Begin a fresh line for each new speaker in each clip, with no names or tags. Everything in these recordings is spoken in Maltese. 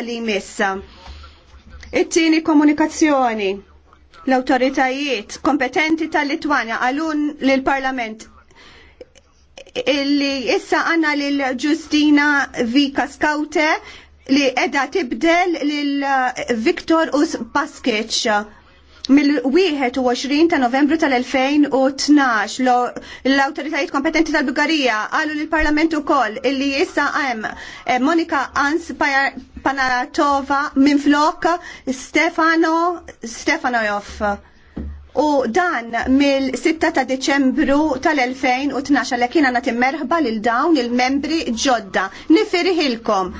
li messa. It-tieni komunikazzjoni. L-autoritajiet kompetenti tal litwania għalun l-Parlament illi issa għanna l-Ġustina Vika Skaute li edha tibdel l-Viktor Us Paskic mill-21 ta' novembru tal-2012 l-autoritajiet kompetenti tal-Bulgarija għallu l-Parlament ukoll illi issa hemm eh, Monika Ans Panaratova minn flok Stefano Stefanojov. U dan mill-6 ta' Deċembru tal-2012 li kiena nagħti merħba lil dawn il-membri ġodda. Nifirħilkom.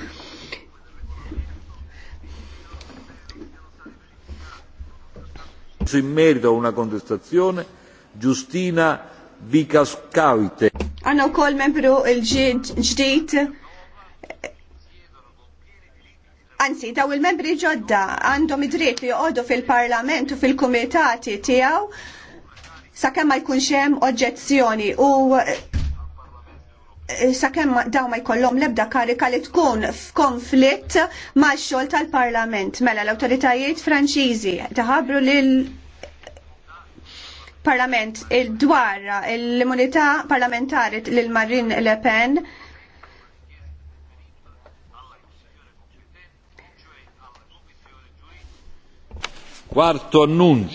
Pronuncia in merito a una contestazione Giustina Vikaskawite.
Għanna u membro il GDIT. Anzi, daw il-membri ġodda għandhom id-dritt li joqogħdu fil-parlament u fil-kumitati tiegħu sakemm ma jkunx hemm oġġezzjoni u eh, sakemm daw ma jkollhom l-ebda karika li tkun f'konflitt ma' xogħol tal-Parlament mela l-awtoritajiet Franċiżi taħabru lil parlament il-dwar l-immunità parlamentari lil Marin Le Pen
Quarto annuncio.